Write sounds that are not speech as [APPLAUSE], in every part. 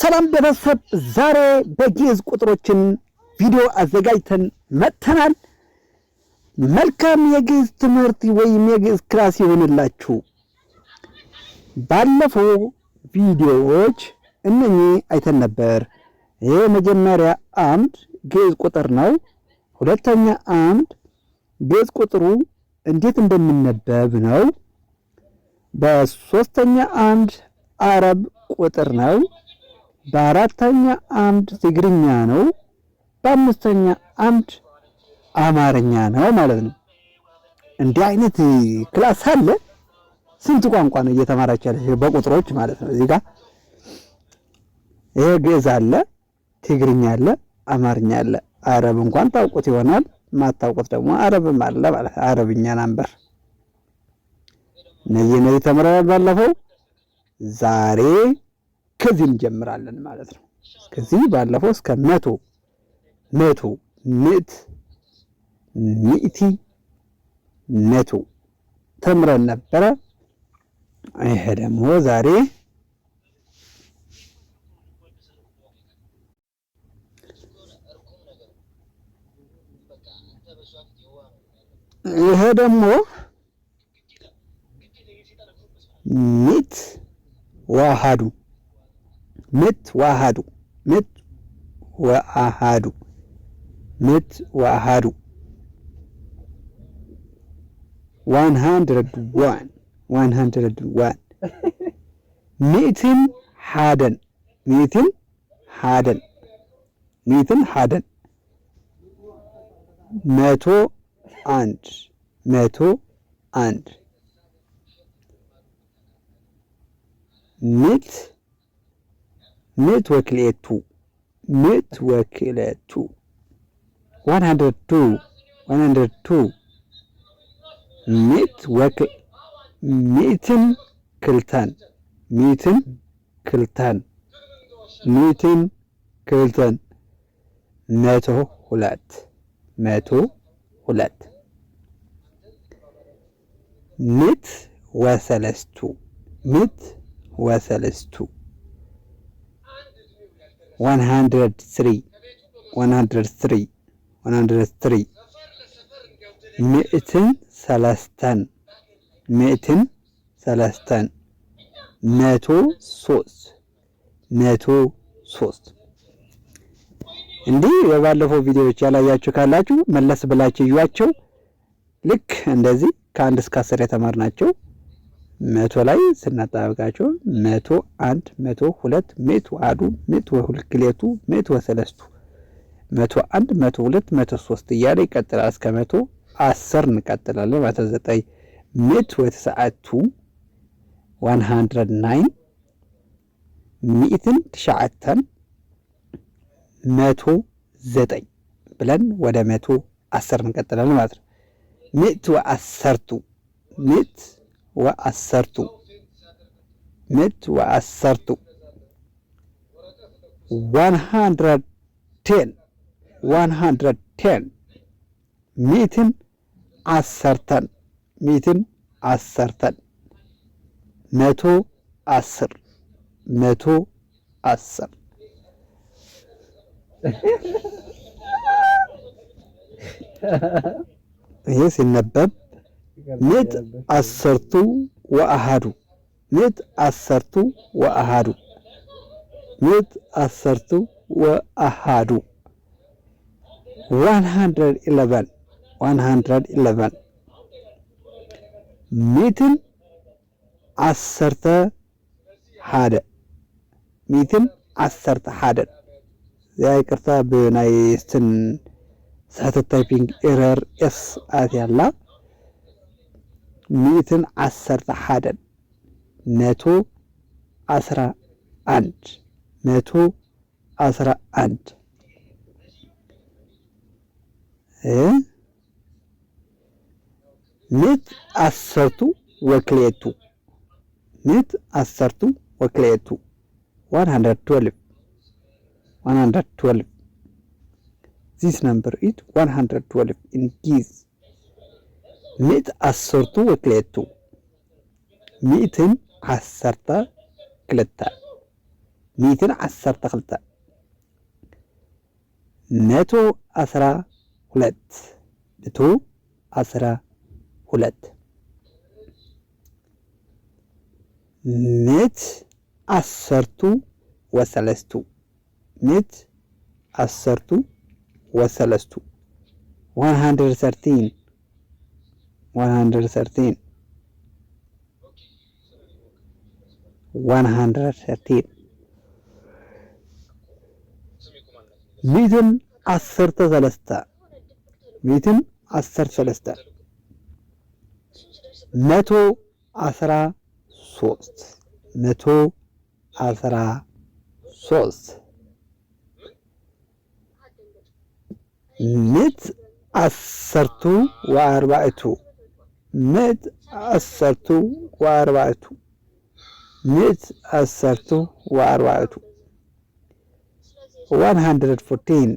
ሰላም ቤተሰብ፣ ዛሬ በግዕዝ ቁጥሮችን ቪዲዮ አዘጋጅተን መጥተናል። መልካም የግዕዝ ትምህርት ወይም የግዕዝ ክላስ ይሆንላችሁ። ባለፈው ቪዲዮዎች እነኚህ አይተን ነበር። የመጀመሪያ አምድ ግዕዝ ቁጥር ነው። ሁለተኛ አምድ ግዕዝ ቁጥሩ እንዴት እንደሚነበብ ነው። በሶስተኛ አምድ አረብ ቁጥር ነው። በአራተኛ አምድ ትግርኛ ነው፣ በአምስተኛ አምድ አማርኛ ነው ማለት ነው። እንዲህ አይነት ክላስ አለ። ስንት ቋንቋ ነው እየተማራች ያለች በቁጥሮች ማለት ነው? እዚህ ጋር ይሄ ግዕዝ አለ፣ ትግርኛ አለ፣ አማርኛ አለ። አረብ እንኳን ታውቁት ይሆናል፣ ማታውቁት ደግሞ አረብም አለ ማለት አረብኛ ናምበር። እነዚህ እነዚህ ተምረናል ባለፈው ዛሬ ከዚህ እንጀምራለን ማለት ነው። ከዚህ ባለፈው እስከ መቶ መቶ ምዕት ሚእቲ መቶ ተምረን ነበረ። ይሄ ደግሞ ዛሬ ይሄ ደግሞ ሚት ዋሃዱ ምት ወአሃዱ ምት ወአሃዱ ምት ወአሃዱ ዋን ሃንድረድ ዋን ዋን ሃንድረድ ዋን ሚእትን ሓደን ሚእትን ሓደን ሚእትን ሓደን መቶ አንድ መቶ አንድ ምት ምትወክሌቱ ምትወክለቱ ዋን ሀንድረድ ቱ ዋን ሀንድረድ ቱ ምትወክል ሚእትን ክልተን ሚእትን ክልተን ሚእትን ክልተን መቶ ሁለት መቶ ሁለት ምት ወሰለስቱ ምት ወሰለስቱ 103 103 103 ምዕትን መቶ ሶስት መቶ ሶስት እንዲህ ቪዲዮዎች ያላያችሁ ካላችሁ መለስ ብላችሁ እዩዋቸው። ልክ እንደዚህ ከአንድ እስከ አስር የተማርናቸው መቶ ላይ ስናጣብቃቸው መቶ አንድ መቶ ሁለት ምእት አዱ ምእት ሁልክሌቱ ምእት ሰለስቱ መቶ አንድ መቶ ሁለት መቶ ሶስት እያለ ይቀጥላል። እስከ መቶ አስር እንቀጥላለን። መቶ ዘጠኝ ምእት ወተስዓቱ ዋን ሃንድረድ ናይን ሚእትን ትሻዓተን መቶ ዘጠኝ ብለን ወደ መቶ አስር እንቀጥላለን ማለት ነው። ምእት ወአሰርቱ ምእት ወአሰርቱ ምድ ወአሰርቱ ዋን ሃንድረድ ቴን ዋን ሃንድረድ ቴን ሚትን አሰርተን ሚትን አሰርተን መቶ አስር መቶ አስር ይህ ሲነበብ ሊጥ አሰርቱ ወአሃዱ ሊጥ አሰርቱ ወአሃዱ ሊጥ አሰርቱ ወአሃዱ 111 111 ሚትን ዓሰርተ ሓደ ሚትን ዓሰርተ ሓደን እዚኣ ይቅርታ ብናይ ስትን ስሕተት ታይፒንግ ኤረር ኤስ ኣትያላ ሚእትን ዓሰርተ ሓደን መቶ ዓስራ አንድ መቶ ዓስራ አንድ ምት አሰርቱ ወክሌቱ ምት አሰርቱ ወክሌቱ 112 112 this number is 112 in Giz ሚእት አሰርቱ ወክልኤቱ ሚእትን ዓሰርተ ክልተ ሚእትን ዓሰርተ ክልተ መቶ ዓስራ ሁለት መቶ ዓስራ ሁለት ምት ዓሰርቱ ወሰለስቱ ምት ዓሰርቱ ወሰለስቱ ዋን ሃንድረድ ሰርቲን 113 113 ሚትን ዓሰርተ ሰለስተ ሚትን ዓሰርተ ሰለስተ መቶ አስራ ሶስት መቶ አስራ ሶስት ምት ዓሰርቱ ወአርባዕቱ ምዕት አሰርቱ ወአርባዕቱ ምዕት አሰርቱ ወአርባዕቱ ዋን ሀንድረድ ፎርቲን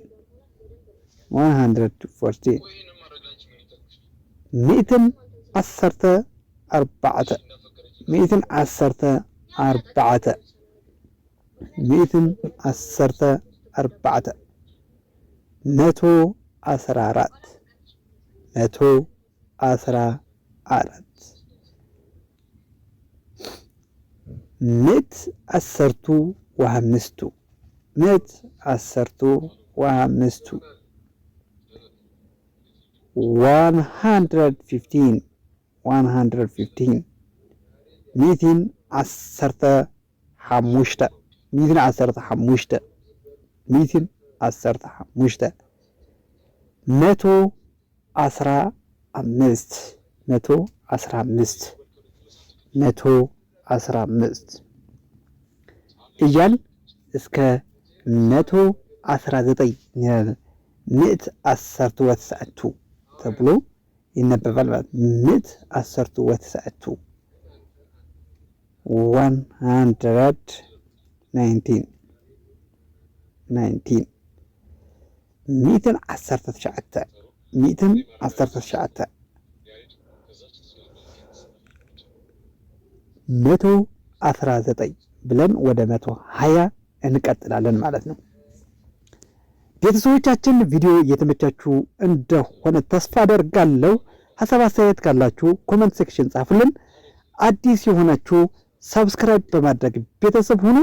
ዋን ሀንድረድ ፎርቲን ምዕትን ዓሰርተ አርባዕተ ምዕትን ዓሰርተ አርባዕተ ምዕትን ዓሰርተ አርባዕተ መቶ አስራ አራት መቶ አስራ አራት ምት አሰርቱ ወአምስቱ ምት አሰርቱ ወአምስቱ ዋን ሃንድረድ ፊፍቲን ዋን ሃንድረድ ፊፍቲን ሚእቲን ዓሰርተ ሓሙሽተ ሚእቲን ዓሰርተ ሓሙሽተ ሚእቲን ዓሰርተ ሓሙሽተ መቶ ዓስራ አምስት መቶ አስራ አምስት መቶ አስራ አምስት እያል እስከ መቶ አስራ ዘጠኝ ምዕት አሰርቱ ወተሰአቱ ተብሎ ይነበባል ማለት ምዕት አሰርቱ ወተሰአቱ ዋን ሀንድረድ ናይንቲን ናይንቲን ሚእትን ዓሰርተ ትሸዓተ ሚእትን ዓሰርተ ትሸዓተ መቶ አስራ ዘጠኝ ብለን ወደ መቶ ሀያ እንቀጥላለን ማለት ነው። ቤተሰቦቻችን ቪዲዮ እየተመቻችሁ እንደሆነ ተስፋ አደርጋለሁ። ሀሳብ አስተያየት ካላችሁ ኮመንት ሴክሽን ጻፉልን። አዲስ የሆናችሁ ሰብስክራይብ በማድረግ ቤተሰብ ሁኑ።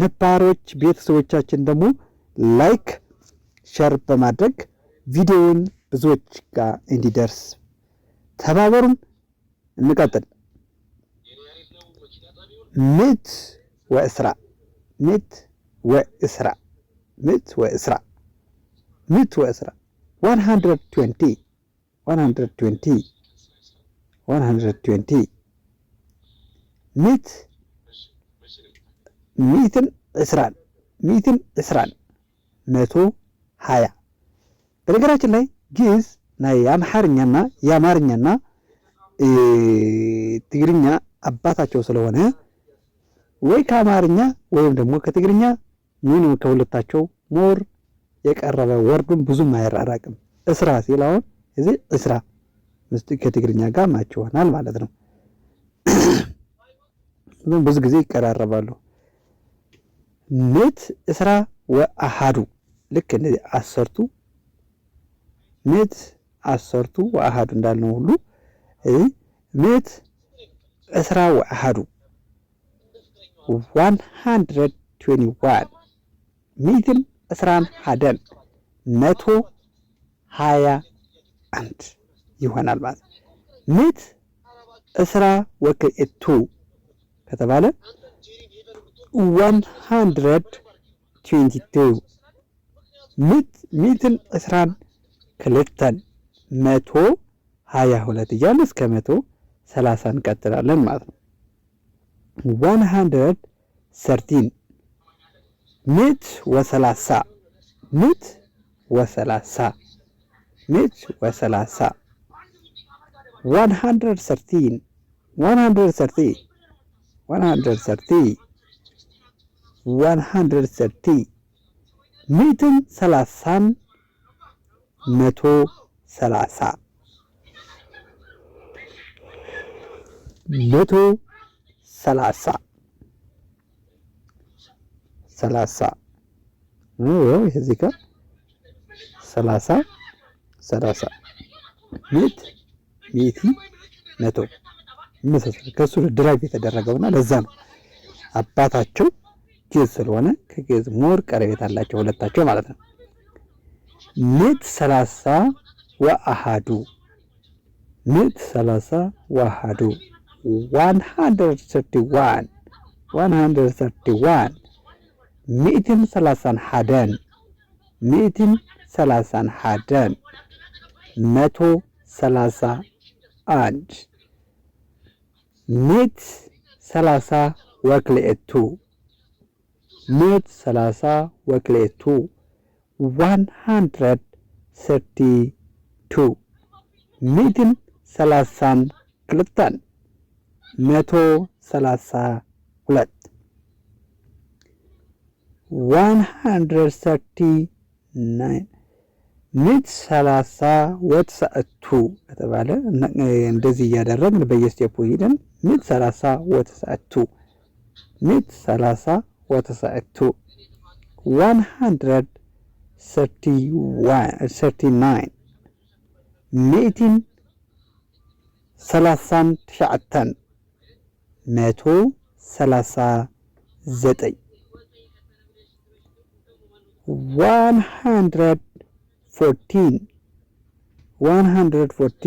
ነባሮች ቤተሰቦቻችን ደግሞ ላይክ፣ ሸር በማድረግ ቪዲዮውን ብዙዎች ጋር እንዲደርስ ተባበሩን። እንቀጥል። ምት ወእስራ ምት ወእስራ ምት ወእስራ ምት ወእስራ 120 120 120 ሚትን እስራን ሚትን እስራን መቶ ሀያ በነገራችን ላይ ግዕዝ የአማርኛና ትግርኛ አባታቸው ስለሆነ ወይ ከአማርኛ ወይም ደግሞ ከትግርኛ ምንም ከሁለታቸው ሞር የቀረበ ወርዱን ብዙም አይራራቅም። እስራ ሲል አሁን እዚህ እስራ ከትግርኛ ጋር ማች ይሆናል ማለት ነው። [CLEARS THROAT] ብዙ ጊዜ ይቀራረባሉ። ምት እስራ ወአሃዱ ልክ እንደዚህ አሰርቱ ምት አሰርቱ ወአሃዱ እንዳልነው ሁሉ ምት እስራ ወአሃዱ 121 ሚትን እስራን ሀደን መቶ ሀያ አንድ ይሆናል ማለት ነው። እስራ ወክልኤቱ ከተባለ 122 ምት ሚትን እስራን ክልተን መቶ ሀያ ሁለት እያለ እስከ መቶ ሰላሳ እንቀጥላለን ማለት ነው። 113 ምት ወሰላሳ ምት ወሰላሳ ምት ወሰላሳ 113 130 130 130 ምትን ሰላሳን መቶ ሰላሳ መቶ ሰላሳ ሰላሳ ነው እዚህ ጋር ሰላሳ ሰላሳ ሚት ሚቲ መቶ መሰለኝ ከሱ ድራይቭ የተደረገውና ለዛ ነው አባታቸው ጌዝ ስለሆነ ከጌዝ ሞር ቀረቤት አላቸው ሁለታቸው ማለት ነው። ምዕት ሰላሳ ወአሃዱ ምዕት ሰላሳ ወአሃዱ ሚእትን ሰላሳን ሓደን ሚእትን ሰላሳን ሓደን መቶ ሰላሳ አንድ ሚት ሰላሳ ወክልኤቱ ሚት ሰላሳ ወክልኤቱ ዋን ሃንድረድ ሰርቲ ቱ ሚእትን ሰላሳን መቶ ሰላሳ ሁለት ዋን ሃንድረድ ሰርቲ ናይን ምድ ሰላሳ ወት ሰአቱ ከተባለ እንደዚህ እያደረግን በየስቴፑ ሂደን ምድ ሰላሳ ወት ሰአቱ ምድ ሰላሳ ወት ሰአቱ ዋን ሃንድረድ ሰርቲ ናይን ሚእቲን ሰላሳን ትሸዓተን መቶ ሰላሳ ዘጠኝ ዋን ሃንድረድ ፎርቲን ዋን ሃንድረድ ፎርቲ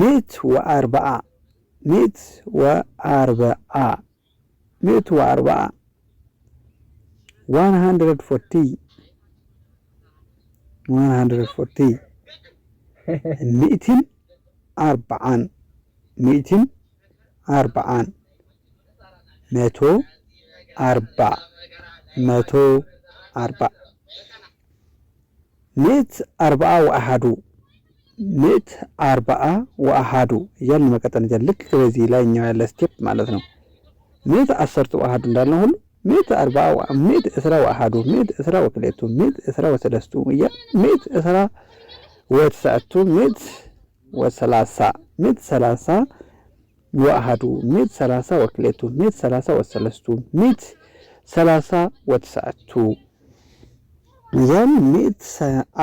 مئة وأربعة مئة وأربعة مئة وأربعة 140 140 مئة أربعة مئة አርባአን መቶ አርባ መቶ አርባ ምእት አርባአ ወአሃዱ ምእት አርባአ ወአሃዱ እያልን መቀጠል ልክ በዚህ ላይ ያለ ስቴፕ ማለት ነው። ምእት አሰርቱ ወአሃዱ እንዳልነው ሁሉ ምእት አርባአ ምእት እስራ ወአሃዱ ምእት እስራ ወክልኤቱ ምእት እስራ ወሰለስቱ እያልን ምእት እስራ ወተስዓቱ ምእት ወሰላሳ ምእት ሰላሳ ወአሃዱ ሚት ሰላሳ ወክልኤቱ ሚእት ሰላሳ ወሰለስቱ ሚእት ሰላሳ ወትስዓቱ ዘን ሚእት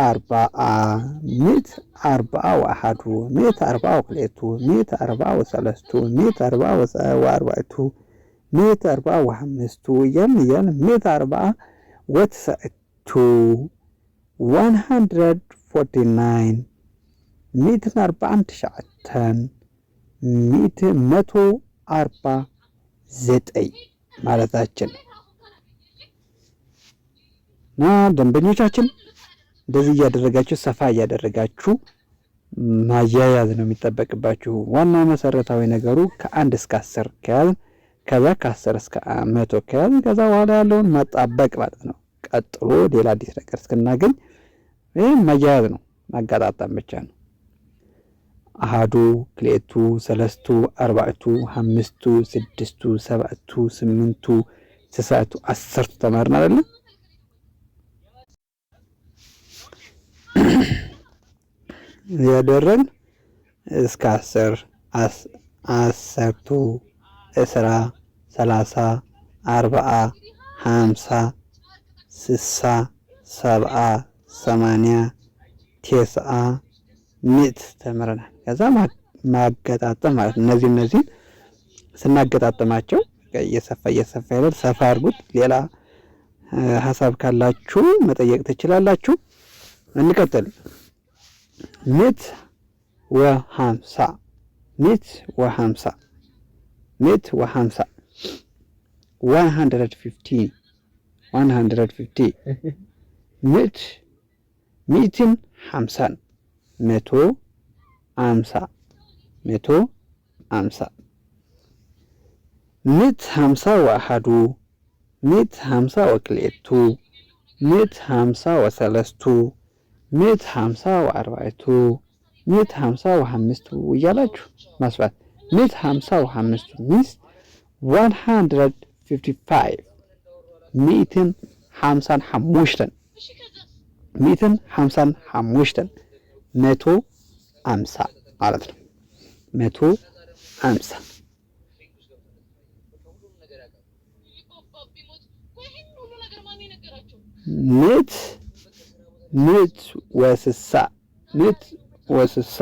አርባአ ሚእት አርባአ ወአሃዱ ሚእት አርባአ ወክልኤቱ ሚእት አርባአ ወሰለስቱ ሚእት አርባአ ወአርባዕቱ ሚእት አርባአ ወሐምስቱ እያልን እያልን ሚእት አርባአ ወትስዓቱ ዋን ሃንድረድ ፎርቲ ናይን ሚእትን አርባዓን ትሽዓተን መቶ አርባ ዘጠኝ ማለታችን እና ደንበኞቻችን እንደዚህ እያደረጋችሁ ሰፋ እያደረጋችሁ ማያያዝ ነው የሚጠበቅባችሁ። ዋና መሰረታዊ ነገሩ ከአንድ እስከ አስር ከያዝን ከዛ ከአስር እስከ መቶ ከያዝን ከዛ በኋላ ያለውን መጣበቅ ማለት ነው። ቀጥሎ ሌላ አዲስ ነገር እስክናገኝ ይህም ማያያዝ ነው፣ ማጋጣጣም ብቻ ነው። አሃዱ፣ ክልኤቱ፣ ሰለስቱ፣ አርባዕቱ፣ ሓምስቱ፣ ስድስቱ፣ ሰብዕቱ፣ ስምንቱ፣ ትስዓቱ፣ ዓሰርቱ ተማርና አይደለ? ያደረን እስከ አስር አሰርቱ፣ እስራ፣ ሰላሳ፣ አርባዓ፣ ሃምሳ፣ ስሳ፣ ሰብዓ፣ ሰማንያ፣ ቴስዓ ምት ተምረናል። ከዛ ማገጣጠም ማለት ነው። እነዚህ እነዚህን ስናገጣጠማቸው እየሰፋ እየሰፋ ይላል። ሰፋ አድርጉት። ሌላ ሀሳብ ካላችሁ መጠየቅ ትችላላችሁ። እንቀጥል። ምት ወሀምሳ ምት ወሀምሳ ምት ወሀምሳ ዋን ሀንድረድ ፊፍቲ ዋን ሀንድረድ ፊፍቲ ምዕት ምዕትን ሀምሳን መቶ አምሳ መቶ አምሳ ምት ሀምሳ ወአሐዱ ምት ሀምሳ ወክልኤቱ ምት ሀምሳ ወሰለስቱ ምት ሀምሳ ወአርባዕቱ ምት ሀምሳ ወሐምስቱ እያላችሁ ማስባት ምት ሀምሳ ወሐምስቱ ሚስ ዋን ሃንድረድ ፊፍቲ ፋይቭ ሚእትን ሀምሳን ሐሙሽተን ሚእትን ሀምሳን ሐሙሽተን መቶ አምሳ ማለት ነው። መቶ አምሳ ምት ምት ወስሳ ምት ወስሳ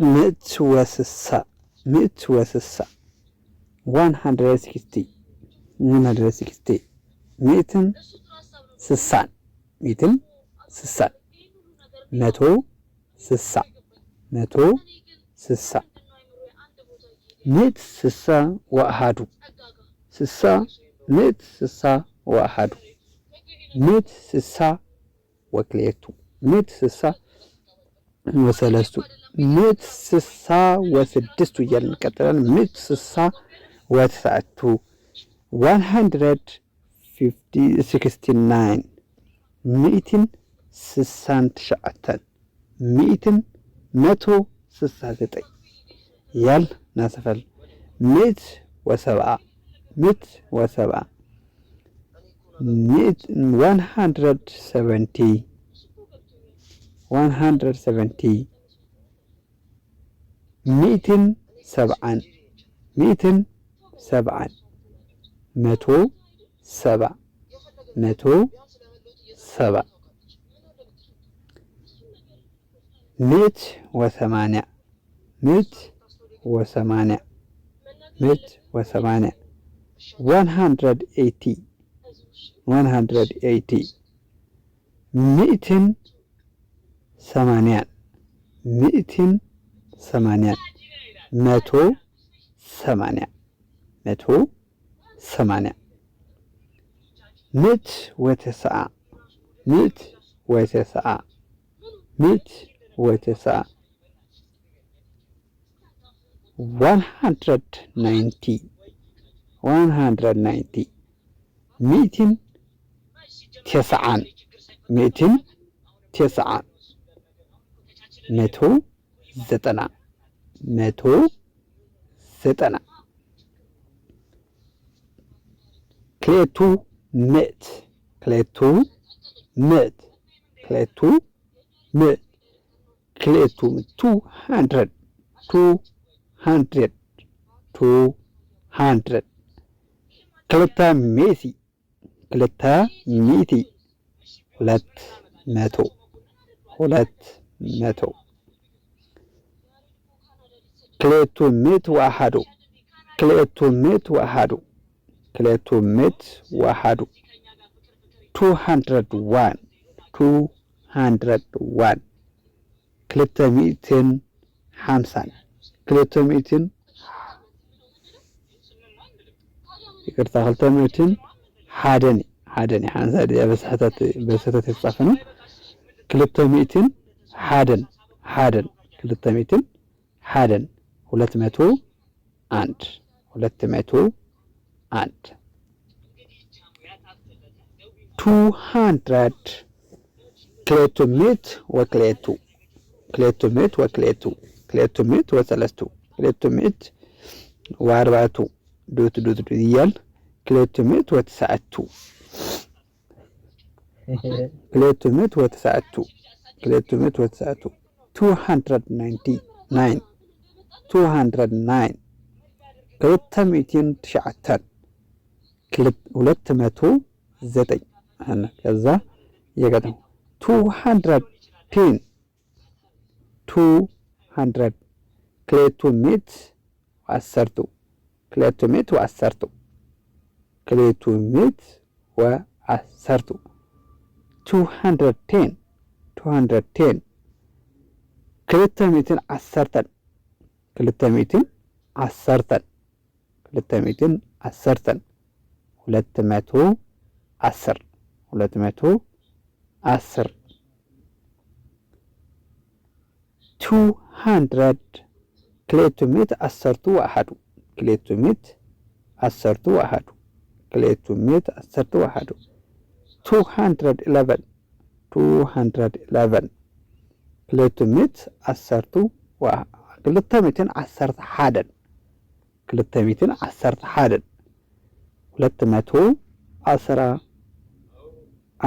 ምት ወስሳ ምት ወስሳ 160 ሀንድሬድ ሲክስቲ ዋን ሀንድሬድ ሲክስቲ ሚእትን ስሳን ሚእትን ስሳን መቶ ስሳ መቶ ስሳ ምእት ስሳ ወአሃዱ ስሳ ምእት ስሳ ወአሃዱ ምእት ስሳ ወክልኤቱ ምእት ስሳ ወሰለስቱ ምእት ስሳ ወስድስቱ እያልን እንቀጥላለን። ምእት ስሳ was at 169 meeting سسان تشعتن مئة متو سساتتين يل ناسفل مئة وسبعة ميت وسبعة ميت 170 170 مئة سبعان مئة ሰብዓን መቶ ሰባ መቶ ሰባ ምእት ወሰማንያ ምእት ወሰማንያ ምእት ወሰማንያ ዋን ሀንድረድ ኤይቲ ዋን ሀንድረድ ኤይቲ ምእትን ሰማንያን ምእትን ሰማንያን መቶ ሰማንያ መቶ ሰማንያ ምት ወተሰአ ምት ወተሰአ ምት ወተሰአ ዋን ሀንድረድ ናይንቲ ዋን ሀንድረድ ናይንቲ ሚእትን ተስዓን ሚእትን ተስዓን መቶ ዘጠና መቶ ዘጠና ክሌቱ ምእት ክሌቱ ምእት ክሌቱ ምእት ክሌቱ ቱ ሃንድረድ ቱ ሃንድረድ ቱ ሃንድረድ ክልተ ሜቲ ክልተ ሚቲ ሁለት መቶ ሁለት መቶ ክልኤቱ ምእት ወአሐዱ ክልኤቱ ምእት ወአሐዱ ክለቱ ምት ዋሃዱ ቱ ሃንድረድ ዋን ቱ ሃንድረድ ዋን ክልተ ሚእትን ሓምሳን ክልተ ሚእትን ይቅርታ ክልተ ሚእትን ሓደን ሓደን ሓንሳ በስሕተት በስሕተት ክልተ ሚእትን ሓደን ሓደን ክልተ ሚእትን ሓደን ሁለት መቶ አንድ ሁለት መቶ አንድ ቱ ሃንድረድ ክሌቱ ሚት ወክሌቱ ክሌቱ ሚት ወክሌቱ ክሌቱ ሚት ወሰለስቱ ክሌቱ ሚት ወአርባቱ ዱት ዱት ዱት እያል ክሌቱ ሚት ወተሰዓቱ ክሌቱ ሚት ወተሰዓቱ ክሌቱ ሚት ወተሰዓቱ ቱ ሃንድረድ ናይንቲ ናይን ቱ ሃንድረድ ናይን ክልተ ሚእትን ትሽዓተን ሁለት መቶ ዘጠኝ ከዛ የቀጠም ቱ ሀንድረድ ፔን ቱ ሀንድረድ ክሌቱ ሜት ወአሰርቱ ክሌቱ ሜት ወአሰርቱ ክሌቱ ሜት ወአሰርቱ ቱ ሀንድረድ ቴን ቱ ሀንድረድ ቴን ክልተ ሜትን ዓሰርተን ክልተ ሜትን ዓሰርተን ክልተ ሜትን ዓሰርተን ሁለት መቶ አስር ሁለት መቶ አስር ቱ ሃንድረድ ክልኤቱ ሚእት አሰርቱ ወአሐዱ ክልኤቱ ሚእት አሰርቱ ወአሐዱ ክልኤቱ ሚእት አሰርቱ ወአሐዱ ቱ ሃንድረድ ኢለቨን ቱ ሃንድረድ ኢለቨን ክልኤቱ ሚእት አሰርቱ ክልተ ሚእትን ዓሰርተ ሓደን ክልተ ሚእትን ዓሰርተ ሓደን ሁለት መቶ አስራ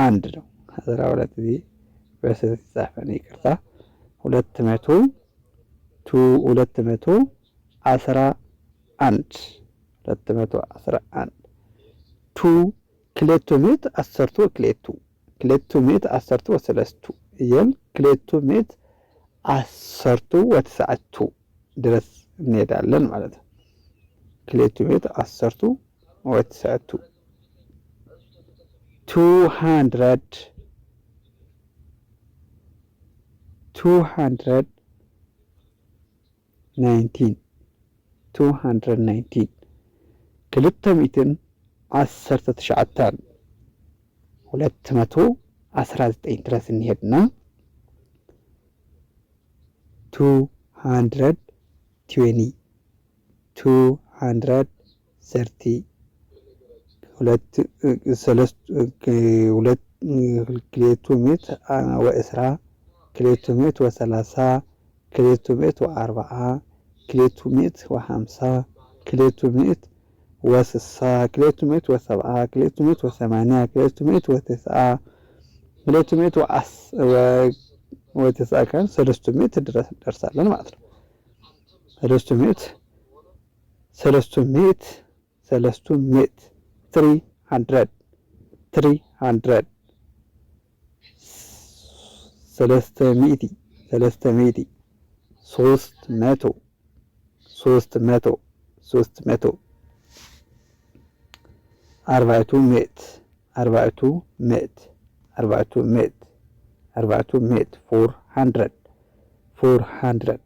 አንድ ነው። አስራ ሁለት ጊዜ በስህተት የተጻፈ ነው። ይቅርታ ሁለት መቶ ቱ ሁለት መቶ አስራ አንድ ሁለት መቶ አስራ አንድ ቱ ክሌቱ ሜት አሰርቶ ክሌቱ ክሌቱ ሜት አሰርቶ ወሰለስቱ እየም ክሌቱ ሜት አሰርቱ ወተሰዓቱ ድረስ እንሄዳለን ማለት ነው። ክሌቱ ሜት አሰርቱ what's two two hundred two hundred nineteen two hundred nineteen ክልተ ሚእትን ዓሰርተ ትሽዓተን ሁለት መቶ ዓስራ ዘጠኝ ድረስ እንሄድና ቱ ሃንድረድ ትዌኒ ቱ ሃንድረድ ሰርቲ ሁለት ሰለስቱ ሁለት ክሌቱ ምእት ወእስራ ክሌቱ ምእት ወሰላሳ ክሌቱ ምእት ወአርብዓ ክሌቱ ምእት ወሐምሳ ክሌቱ ምእት ወስሳ ክሌቱ ምእት ወሰብዓ ክሌቱ ምእት ወሰማንያ ክሌቱ ምእት ወትስዓ ክሌቱ ምእት ወትስዓ ካን ሰለስቱ ምእት ደርሳለን ማለት ነው። ሰለስቱ ምእት ሰለስቱ ምእት ሰለስቱ ምእት three hundred three hundred ሰለስተሚእቲ ሰለስተሚእቲ ሶስት መቶ ሶስት መቶ ሶስት መቶ አርባዕቱ ምእት አርባዕቱ ምእት አርባዕቱ ምእት አርባዕቱ ምእት ፎር ሃንድረድ ፎር ሃንድረድ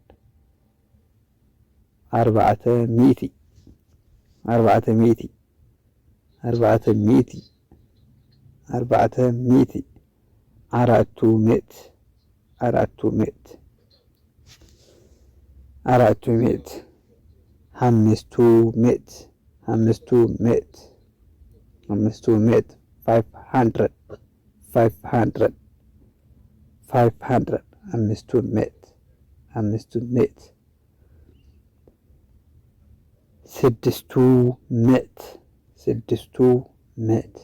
አርባዕተ ሚእቲ አርባዕተ ሚእቲ أربعة مئة أربعة مئة أربعة مئة أربعة مئة أربعة مئة خمسة مئة خمسة مئة خمسة مئة 500 500 500 አምስቱ ምዕት አምስቱ ምዕት ስድስቱ ምዕት ስድስቱ ምዕት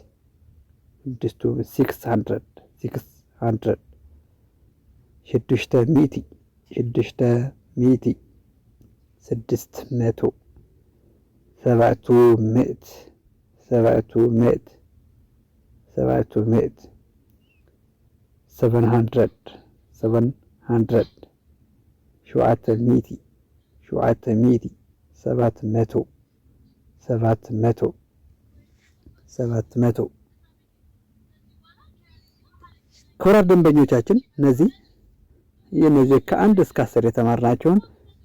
ስድስቱ ሲክስ ሀንድረድ ሲክስ ሀንድረድ ሽዱሽተ ሚእቲ ሽዱሽተ ሚእቲ ስድስት መቶ ሰብዕቱ ምዕት ሰብዕቱ ምዕት ሰብዕቱ ምዕት ሰቨን ሃንድረድ ሰቨን ሃንድረድ ሸውዓተ ሚእቲ ሸውዓተ ሚእቲ ሰባት መቶ ሰባት መቶ ሰባት መቶ ኮራር ደንበኞቻችን እነዚህ የነዚህ ከአንድ እስከ አስር የተማርናቸውን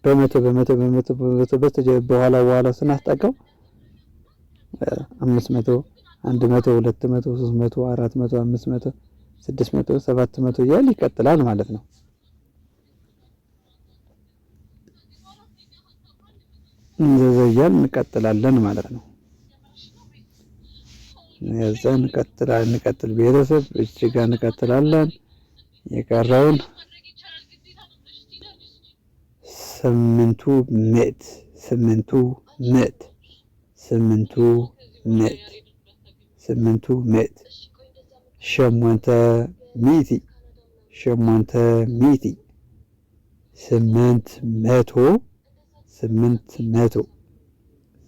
በመቶ በመቶ በመቶ በመቶ በስተጀ በኋላ በኋላ ስናስጠጋው አምስት መቶ አንድ መቶ ሁለት መቶ ሶስት መቶ አራት መቶ አምስት መቶ ስድስት መቶ ሰባት መቶ እያል ይቀጥላል ማለት ነው። እንደዚያ እያል እንቀጥላለን ማለት ነው። እዛ እንቀጥል እንቀጥል ብሔረሰብ እዚህ ጋር እንቀጥላለን። የቀረውን ስምንቱ ምዕት ስምንቱ ምዕት ስምንቱ ምዕት ስምንቱ ምዕት ሸሞንተ ሚቲ ሸሞንተ ሚእቲ ስምንት መቶ ስምንት መቶ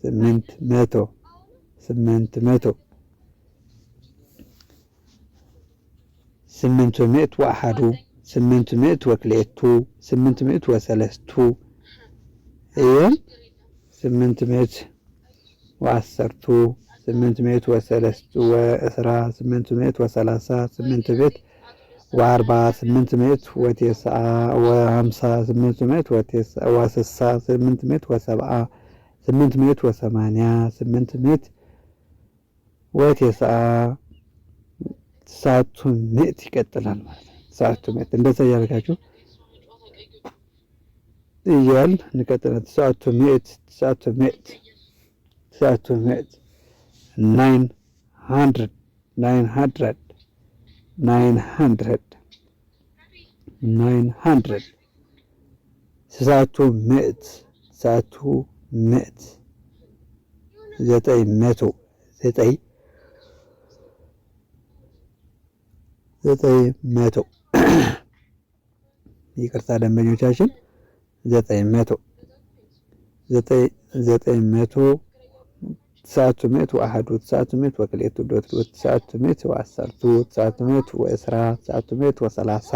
ስምንት መቶ ስምንት መቶ ስምንቱ ምእት ወአሐዱ ስምንቱ ምእት ወክልኤቱ ስምንቱ ምእት ወሰለስቱ እየም ስምንት ምእት ወአሰርቱ ስምንት ምእት ወሰለስቱ ወእስራ ስምንት ምእት ወሰላሳ ስምንት ምእት ወአርባ ስምንት ምእት ወቴስዓ ወሀምሳ ስምንት ምእት ወስሳ ስምንት ምእት ወሰብዓ ስምንት ምእት ወሰማንያ ስምንት ምእት ወቴስዓ ሳቱ ምት ይቀጥላል ማለት ነው። ሳቱ ሜት እንደዛ እያደረጋችሁ እያል እንቀጥላል። ሳቱ ሜት ሳቱ ሜት ሳቱ ሜት ናይን ሀንድረድ ናይን ሀንድረድ ናይን ሀንድረድ ናይን ሀንድረድ ሳቱ ሳቱ ዘጠኝ መቶ ዘጠኝ ዘጠኝ መቶ [CLEARS THROAT] ይቅርታ ደንበኞቻችን ዘጠኝ መቶ ዘጠኝ መቶ ትስዓቱ ምእት ወአሐዱ ትስዓቱ ምእት ወክልኤቱ ዶት ዶት ትስዓቱ ምእት ወአሰርቱ ትስዓቱ ምእት ወእስራ ትስዓቱ ምእት ወሰላሳ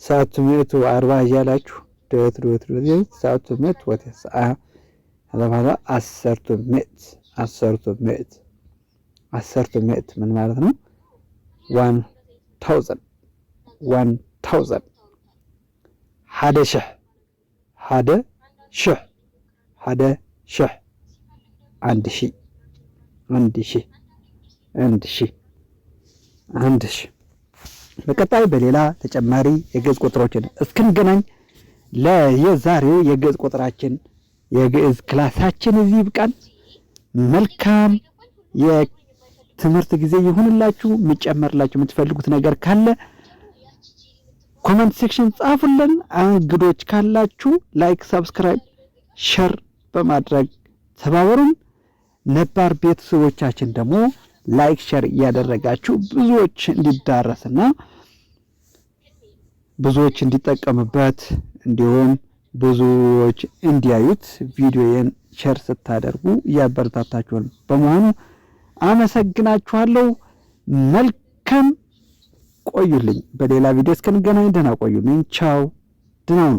ትስዓቱ ምእት ወአርባ እያላችሁ ዶት ዶት ዶት ትስዓቱ ምእት ወተስዓ አለማለ አሰርቱ ምእት አሰርቱ ምእት አሰርቱ ምእት ምን ማለት ነው? ዋን ታውዘን ዋን ታውዘን ሓደ ሽሕ ሓደ ሽሕ ሓደ ሽሕ አንድ ሺ አንድ ሺ አንድ ሺ አንድ ሺ። በቀጣይ በሌላ ተጨማሪ የግዕዝ ቁጥሮችን እስክንገናኝ ለየዛሬው የግዕዝ ቁጥራችን የግዕዝ ክላሳችን እዚህ ይብቃን። መልካም የ ትምህርት ጊዜ ይሁንላችሁ። የሚጨመርላችሁ የምትፈልጉት ነገር ካለ ኮመንት ሴክሽን ጻፉልን። እንግዶች ካላችሁ ላይክ፣ ሰብስክራይብ፣ ሸር በማድረግ ተባበሩን። ነባር ቤተሰቦቻችን ደግሞ ላይክ ሸር እያደረጋችሁ ብዙዎች እንዲዳረስና ብዙዎች እንዲጠቀሙበት እንዲሁም ብዙዎች እንዲያዩት ቪዲዮዬን ሸር ስታደርጉ እያበረታታችሁን በመሆኑ አመሰግናችኋለሁ። መልካም ቆዩልኝ። በሌላ ቪዲዮ እስከንገናኝ ደህና ቆዩልኝ። ቻው፣ ደህና ሁኑ።